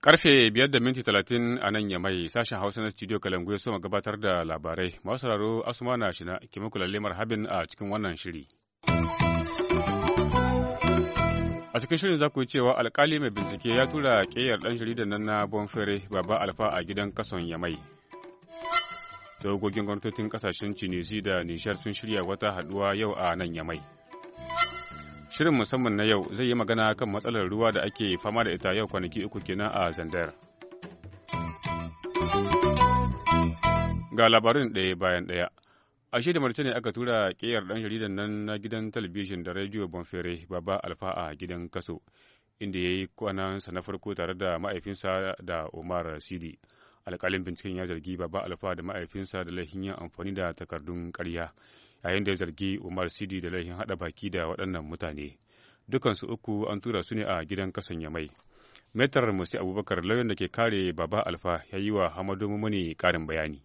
Karfe biyar da minti talatin a nan ya mai sashen Hausa na studio Kalangu ya soma gabatar da labarai. Masu sauraro Asuma na shina ke muku habin a cikin wannan shiri. a cikin shirin za ku yi cewa alkali mai bincike ya tura ƙeyar ɗan jaridar nan na bonfere baba alfa a gidan kason yamai tawagogin gwamnatocin kasashen tunisi da nishar sun shirya wata haduwa yau a nan yamai shirin musamman na yau zai yi magana kan matsalar ruwa da ake fama da ita yau kwanaki uku kenan a zandar ga labarin ɗaya bayan ɗaya a da marce ne aka tura ƙeyar ɗan jaridan nan na gidan talabijin da rediyo bonfere baba alfa a gidan kaso inda ya yi kwanan sa na farko tare da ma'aifinsa da umar sidi alkalin binciken ya zargi baba alfa da ma'aifinsa da laifin yin amfani da takardun karya yayin da ya zargi umar sidi da laifin haɗa baki da waɗannan mutane dukansu uku an tura su ne a gidan kasan yamai metar musi abubakar lauyan da ke kare baba alfa ya yi wa hamadu mumuni ƙarin bayani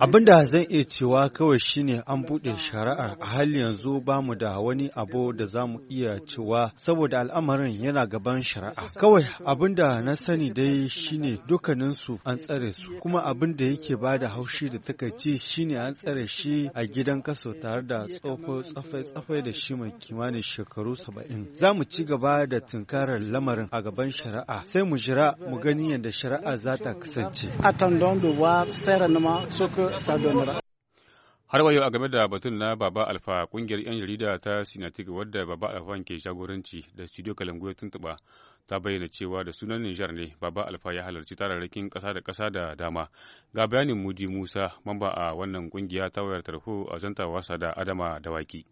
Abin zan iya cewa kawai shine an buɗe shari'ar a hali yanzu ba mu da wani abu da za mu iya cewa saboda al'amarin yana gaban shari'a. Kawai abinda na sani dai shine dukkaninsu an tsare su kuma abin da yake ba da haushi da taka ci shine an tsare shi a gidan kaso tare da tsoho tsafai-tsafai da shi mai kimanin shekaru saba'in. Za mu ci gaba da tunkarar lamarin a gaban shari'a sai mu jira mu gani yadda shari'a za ta kasance. Har wayo a game da batun na Baba Alfa kungiyar 'yan jarida ta Sinatik wadda Baba Alfa ke shagoranci da Studio Kalangu ya tuntuɓa ta bayyana cewa da sunan Nijar ne Baba Alfa ya halarci tararrakin kasa da kasa da dama. Ga bayanin Mudi Musa, mamba a wannan kungiya ta wayar tarho a wasa da Adama Dawaki.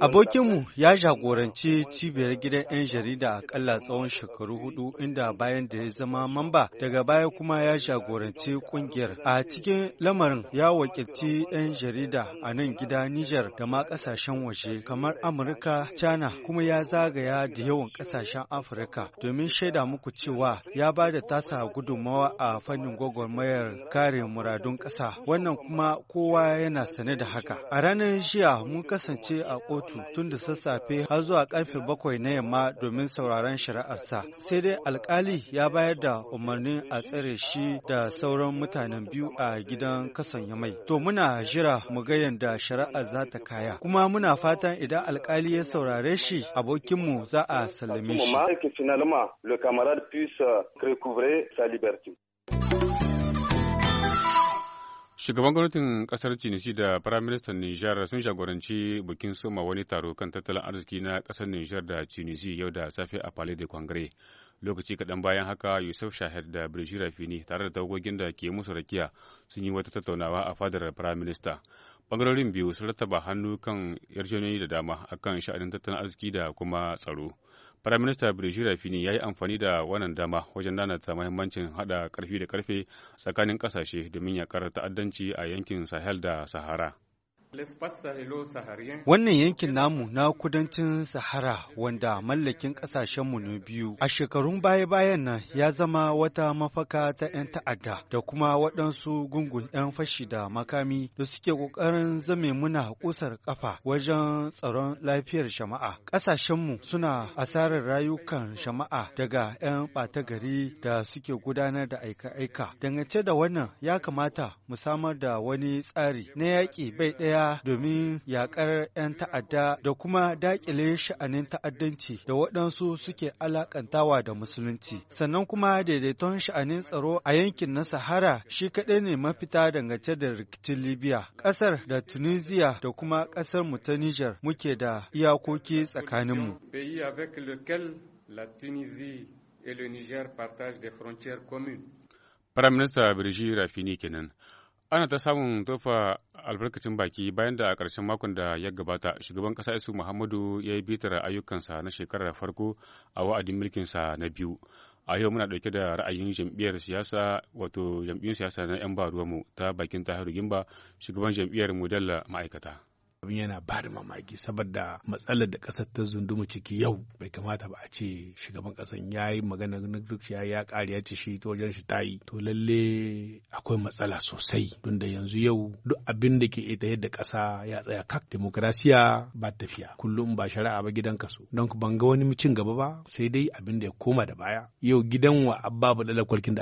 Abokinmu ya jagoranci cibiyar gidan 'yan jarida akalla tsawon shekaru hudu inda bayan da ya zama mamba daga baya kuma ya jagoranci kungiyar. A cikin lamarin ya wakilci 'yan jarida a nan gida Nijar da ma kasashen waje kamar Amurka, China kuma ya zagaya da yawan kasashen Afirka domin shaida muku cewa ya ba da tasa gudunmawa a fannin gwagwarmayar kare muradun ƙasa. Wannan kuma kowa yana sane da da haka. A ranar jiya mun kasance a kotu tun da sassafe har zuwa karfe bakwai na yamma domin sauraron shari'arsa. Sai dai alkali ya bayar da umarnin a tsare shi da sauran mutanen biyu a gidan kasan yamai. To muna jira mu ga yadda shari'ar za ta kaya. Kuma muna fatan idan alkali ya saurare shi abokinmu za a sallame shi. Shugaban gwamnatin kasar Tunisi da Firaministan Nijar sun jagoranci bukin soma wani taro kan tattalin arziki na kasar Nijar da Tunisi yau da safe a Palais de Congrès. Lokaci kaɗan bayan haka Yusuf Shahid da Brigitte Rafini tare da tagogin da ke musu rakiya sun yi wata tattaunawa a fadar Firaminista. bangarorin biyu sun rattaba hannu kan yarjejeniyoyi da dama akan sha'anin tattalin arziki da kuma tsaro firaminista Brigitte rafini ya yi amfani da wannan dama wajen nanata mahimmancin haɗa karfi da karfe tsakanin ƙasashe domin yakar ta'addanci a yankin sahel da sahara Wannan yankin namu na kudancin Sahara wanda mallakin ƙasashenmu ne biyu a shekarun baya-bayan nan ya zama wata mafaka ta 'yan ta'adda da kuma waɗansu gungun 'yan fashi da makami da suke ƙoƙarin zame muna ƙusar ƙafa wajen tsaron lafiyar jama'a. Ƙasashenmu suna asarar rayukan jama'a daga 'yan ɓata gari da suke gudanar da aika-aika. Dangance da wannan ya kamata mu samar da wani tsari na yaƙi bai ɗaya domin yakar 'yan ta'adda da kuma daƙile sha'anin ta'addanci da waɗansu suke alakantawa da musulunci. Sannan kuma daidaiton sha'anin tsaro a yankin na Sahara shi kaɗai ne mafita dangance da rikicin Libya. Ƙasar da Tunisia da kuma ƙasar mu ta Nijar muke da iyakoki tsakaninmu. Minister Birji Rafini kenan. ana ta samun tofa albarkacin baki bayan da a ƙarshen makon da ya gabata shugaban ƙasa isu muhammadu ya yi bitar ayyukansa na shekarar farko a wa'adin mulkinsa na biyu a yau muna ɗauke da ra'ayin jam'iyyar siyasa wato jam'iyyar siyasa na 'yan baruwanmu ta bakin tahiru gimba shugaban jam'iyyar dalla ma'aikata abin yana ba da mamaki saboda matsalar da ƙasar ta zunduma ciki yau bai kamata ba a ce shugaban ƙasar ya yi magana na duk ya ya ƙari ya ce shi ta wajen shi ta yi to lalle akwai matsala sosai don da yanzu yau duk abin da ke ita yadda ƙasa ya tsaya kak demokrasiya ba tafiya kullum ba shari'a ba gidan kaso don ban ga wani cin gaba ba sai dai abin da ya koma da baya yau gidan wa abba ba da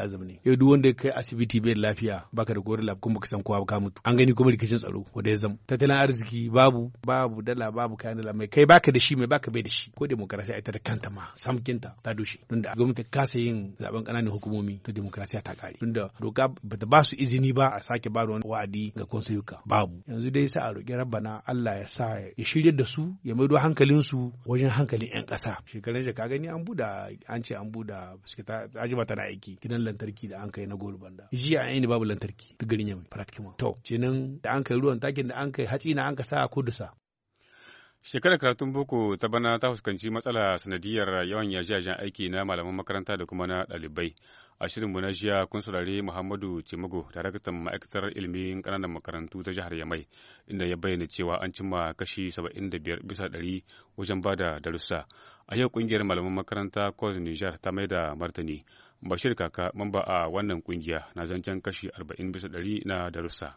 azumi ne yau duk wanda kai asibiti bai lafiya baka da gori lab kuma baka kowa ba ka mutu an gani kuma rikicin tsaro wanda ya zama tattalin arziki babu babu dala babu kayan dala mai kai baka da shi mai baka bai da shi ko demokrasiya ita da kanta ma samkinta ta dushe don da gwamnati kasa yin zaben kananan hukumomi to demokrasiya ta kare don da doka bata ba su izini ba a sake ba da wa'adi ga konsayuka babu yanzu dai sai a roƙi rabbana Allah ya sa ya shirya da su ya maido hankalin su wajen hankalin yan ƙasa shekarun da ka gani an buda an ce an buda suke ta ajiba tana aiki gidan lantarki da an kai na gol banda jiya an yi babu lantarki duk garin yamai to kenan da an kai ruwan takin da an kai hatsi na an ka a kudusa. Shekarar karatun boko ta bana ta fuskanci matsala sanadiyar yawan yajiyajen aiki na malaman makaranta da kuma na ɗalibai. A mu na jiya kun saurari Muhammadu Cimago, daraktan ma'aikatar ilimin ƙananan makarantu ta jihar Yamai, inda ya bayyana cewa an cimma kashi 75 bisa ɗari wajen ba da darussa. A yau ƙungiyar malaman makaranta Kwas Nijar ta mai da martani. Bashir Kaka, mamba a wannan ƙungiya, na zancen kashi 40 bisa ɗari na darussa.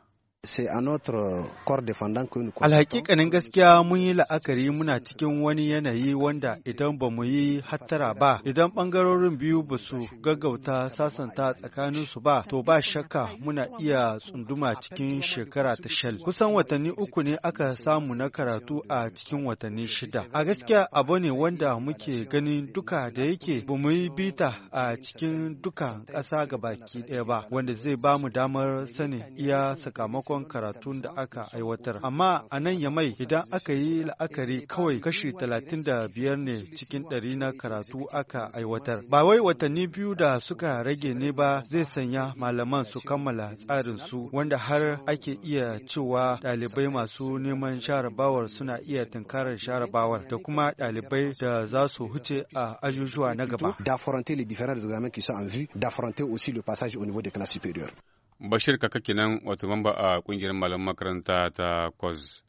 Alhaƙiƙanin gaskiya mun yi la'akari muna cikin wani yanayi wanda idan ba mu yi hattara ba, idan bangarorin biyu ba su gaggauta sasanta tsakanin su ba, to ba shakka muna iya tsunduma cikin shekara ta shal. Kusan watanni uku ne aka samu na karatu a cikin watanni shida. A gaskiya abu ne wanda muke ganin duka da yake ba mu yi bita a cikin duka ƙasa gabaki ɗaya ba, wanda zai ba mu damar sanin iya sakamakon sakamakon karatun da aka aiwatar. Amma a nan ya mai idan aka yi la'akari kawai kashi talatin da biyar ne cikin ɗari na karatu aka aiwatar. Ba wai watanni biyu da suka rage ne ba zai sanya malaman su kammala tsarin su wanda har ake iya cewa ɗalibai masu neman sharabawar suna iya tunkarar sharabawar da kuma ɗalibai da za su huce a ajujuwa na gaba. D'affronter les différents examens qui sont en vue, d'affronter aussi le passage au niveau des classes supérieures. Bashir kaka nan wato mamba a kungiyar malam makaranta ta COS.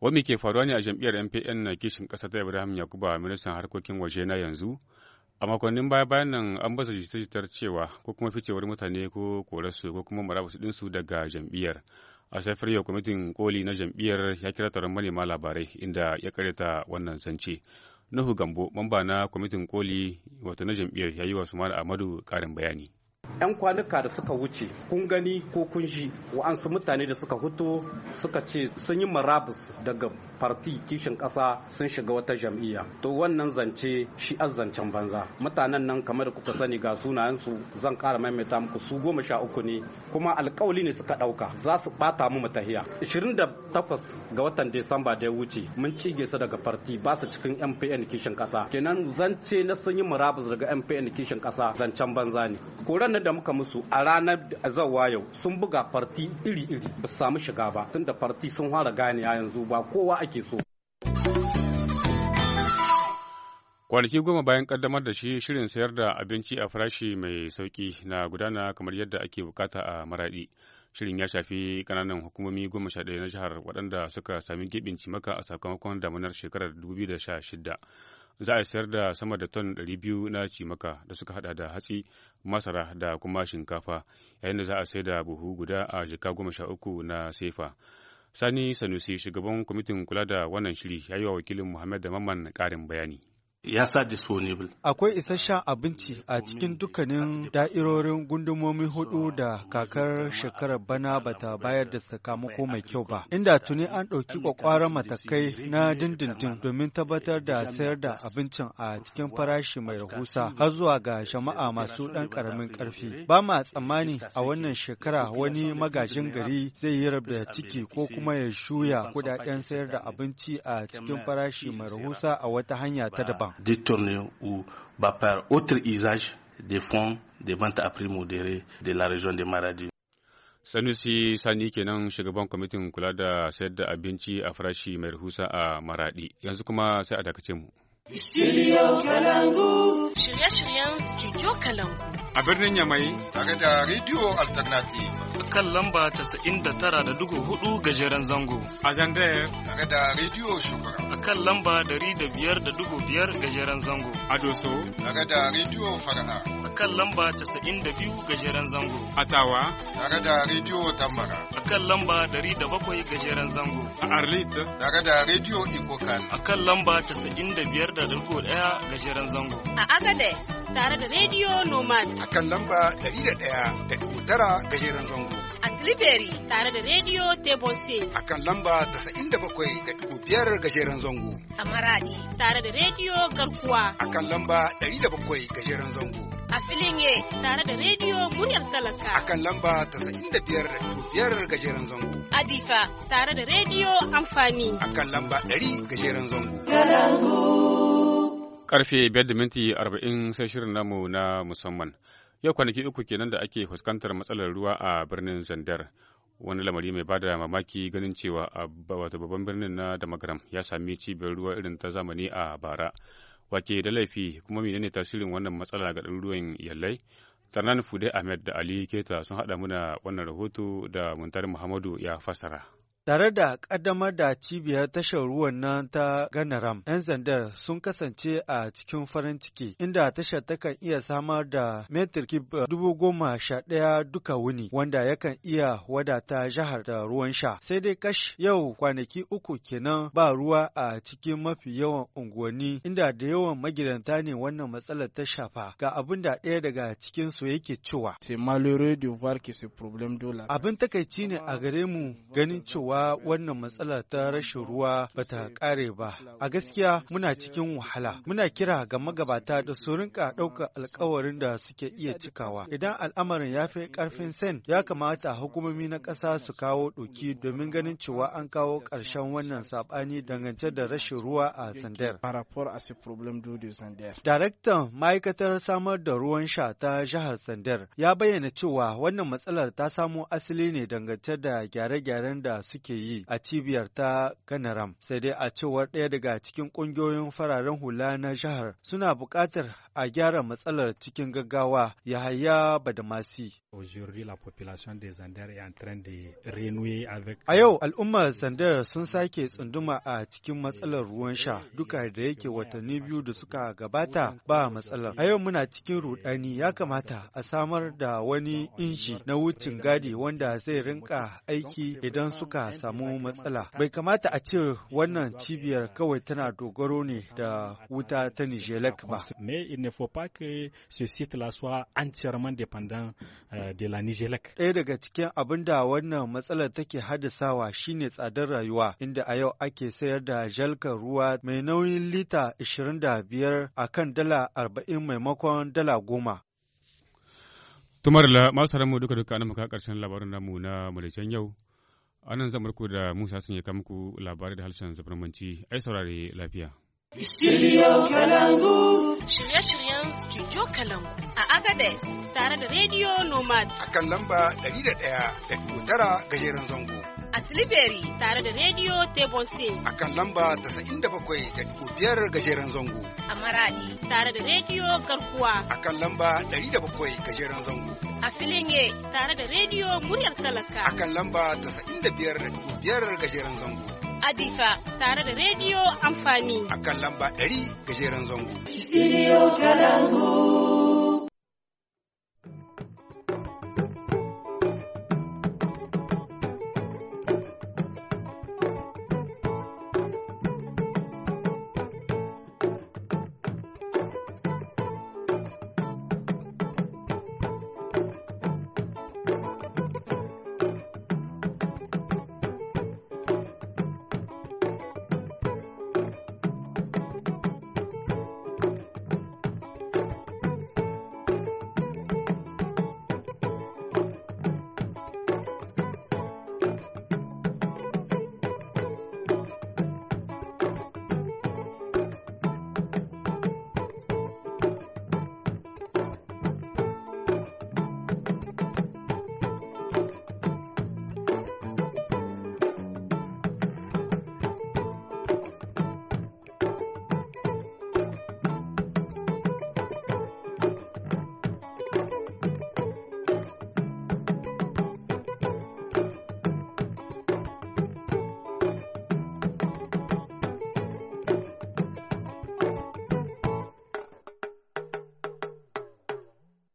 Wani ke faruwa ne a jam'iyyar MPN na kishin ƙasa ta Ibrahim Yakuba ministan harkokin waje na yanzu? A makonnin baya bayan nan an basa jitar cewa ko kuma ficewar mutane ko korarsu ko kuma marabasu ɗinsu daga jam'iyyar. A safiyar yau kwamitin koli na jam'iyyar ya kira taron manema labarai inda ya karyata wannan sance Nuhu Gambo, mamba na kwamitin koli wato na jam'iyyar ya yi wa Sumar Ahmadu ƙarin bayani. 'yan kwanuka da suka wuce kun gani ko kun ji wa'ansu mutane da suka huto suka ce sun yi marabus daga farti kishin ƙasa sun shiga wata jam'iyya to wannan zance shi zancen banza mutanen nan kamar da kuka sani ga sunayensu zan ƙara maimaita muku su goma sha uku ne kuma alkawali ne suka ɗauka za su ɓata mu matahiya 28 ga watan Desamba da ya wuce mun cige su daga farti ba su cikin MPN kishin ƙasa kenan zance na sun yi marabus daga MPN kishin ƙasa zancen banza ne koran wannan da muka musu a ranar zawa yau sun buga farti iri-iri ba su samu shiga ba tunda farti sun fara ganiya yanzu ba kowa ake so kwanaki goma bayan kaddamar da shi shirin sayar da abinci a farashi mai sauki na gudana kamar yadda ake bukata a maradi shirin ya shafi kananan hukumomi goma sha ɗaya na jihar waɗanda suka sami gibin cimaka a sakamakon damunar shekarar 2016 za a sayar da sama da ton 200 na cimaka da suka hada da hatsi masara da kuma shinkafa yayin da za a sayar da buhu guda a jika goma sha uku na sefa sani sanusi shugaban kwamitin kula da wannan shiri ya yi wa wakilin muhammad da mamman karin bayani ya sa disponible. Akwai isasshen abinci a cikin dukkanin da'irorin gundumomi hudu da kakar shekarar bana bata bayar da sakamako mai kyau ba. Inda tuni an ɗauki kwakwaran matakai na dindindin domin tabbatar da sayar da abincin a cikin farashi mai rahusa har zuwa ga jama'a masu ɗan ƙaramin ƙarfi. Ba ma tsammani a wannan shekara wani magajin gari zai yi rabda ciki ko kuma ya shuya kudaden sayar da abinci a cikin farashi mai rahusa a wata hanya ta daban. finalement détourner ou bah, par autre usage des fonds de vente à prix modéré de la région de Maradi. Sanusi Sani kenan shugaban kwamitin kula da sayar da abinci a farashi mai rahusa a Maradi. Yanzu kuma sai a dakace mu. Studio Kalangu. Shirye-shiryen Studio Kalangu. A birnin Yamai. Tare da Radio Alternative. Kan lamba 99.4 gajeren zango. A Zandaya. Tare da Radio Shugaba. A kan lamba 105.5 gajeren zango. A Doso. Tare da Radio Fara'a. A kan lamba 92 gajeren zango. A Tawa. Tare da Radio Tambara. A kan lamba 107 gajeren zango. A Arlit. Tare da Radio Ikokan. A kan lamba 95 da digo ɗaya gajeren zango. A Agades tare da Radio Nomad. A kan lamba dari da ɗaya da dubu tara gajeren zango. A Tilibiri tare da Radio Tebose. A kan lamba tasa'in da bakwai da dubu biyar gajeren zango. A Maradi tare da Radio Garkuwa. A kan lamba dari da bakwai gajeren zango. A filin tare da rediyo muryar talaka. A kan lamba tasa'in da biyar da biyar gajeren zango. Adifa tare da rediyo amfani. A kan lamba dari gajeren zango. Kalangu. Karfe biyar da minti arba'in sai shirin namu na musamman. Yau kwanaki uku kenan da ake fuskantar matsalar ruwa a birnin Zandar. Wani lamari mai bada mamaki ganin cewa a wata babban birnin na Damagaram ya sami cibiyar ruwa irin ta zamani a bara. Wake da laifi kuma menene tasirin wannan matsala ga ɗaruruwan yallai? Tarnan Fude Ahmed da Ali Keta sun haɗa muna wannan rahoto da muntar Muhammadu ya fasara. Tare da ƙaddamar da cibiyar tashar ruwan nan ta Ganaram, 'yan zandar sun kasance a cikin farin ciki, inda tashar takan iya samar da metir eh, dubu goma sha ɗaya duka wuni, wanda yakan iya wadata jihar da ruwan sha. Sai dai kash yau kwanaki uku kenan ba ruwa a cikin mafi yawan unguwanni, inda da yawan magidanta ne wannan matsalar ta shafa. Ga abin da ɗaya daga cikin su yake cewa. Abin takaici ne a gare mu ganin cewa cewa wannan matsala ta rashin ruwa ba ta ƙare ba. A gaskiya muna cikin wahala. Muna kira ga magabata da su rinka ɗaukar alkawarin da suke iya cikawa. Idan al'amarin ya fi ƙarfin sen, ya kamata hukumomi na ƙasa su kawo ɗoki domin ganin cewa an kawo ƙarshen wannan saɓani dangance da rashin ruwa a Sander. Daraktan ma'aikatar samar da ruwan sha ta jihar sander ya bayyana cewa wannan matsalar ta samo asali ne dangance da gyare-gyaren da suke suke yi a cibiyar ta Ganaram. Sai dai a cewar ɗaya daga cikin ƙungiyoyin fararen hula na jihar suna buƙatar a gyara matsalar cikin gaggawa da Badamasi. A yau al'ummar Zandar sun sake tsunduma a cikin matsalar ruwan sha duka da yake watanni biyu da suka gabata ba matsalar. A yau muna cikin rudani ya kamata a samar da wani inji na wucin gadi wanda zai rinka aiki idan suka a samu matsala. Bai kamata a ce wannan cibiyar kawai tana dogaro ne da wuta ta Nijelek ba. me il ne faut pas que ce site-là soit entièrement dépendant euh, de la Nijelek. Ɗaya daga cikin abin da wannan matsalar take haddasawa shine tsadar rayuwa inda a yau ake sayar da jalkar ruwa mai nauyin lita 25 a kan dala 40 maimakon dala 10. Tumar la masu haramu duka-duka na muka karshen labarin namu na Malaysian yau. nan zan barku da Musa sun yi muku labarai da harshen zabarmanci ai saurare lafiya. Studio Kalangu. Shirye-shiryen Studio Kalangu a Agadez tare da Radio Nomad. A kan lamba 101.9 gajeren zango. A Tilibiri tare da Radio Tebose. A kan lamba 97.5 gajeren zango. A Maradi tare da Radio Garkuwa. A kan lamba 107 gajeren zango. a filin ye tare da rediyo muryar talaka. A kan lamba ta da biyar biyar gajeren zango. Adifa tare da rediyo amfani. A kan lamba ɗari gajeren zango. Studio Kalangu.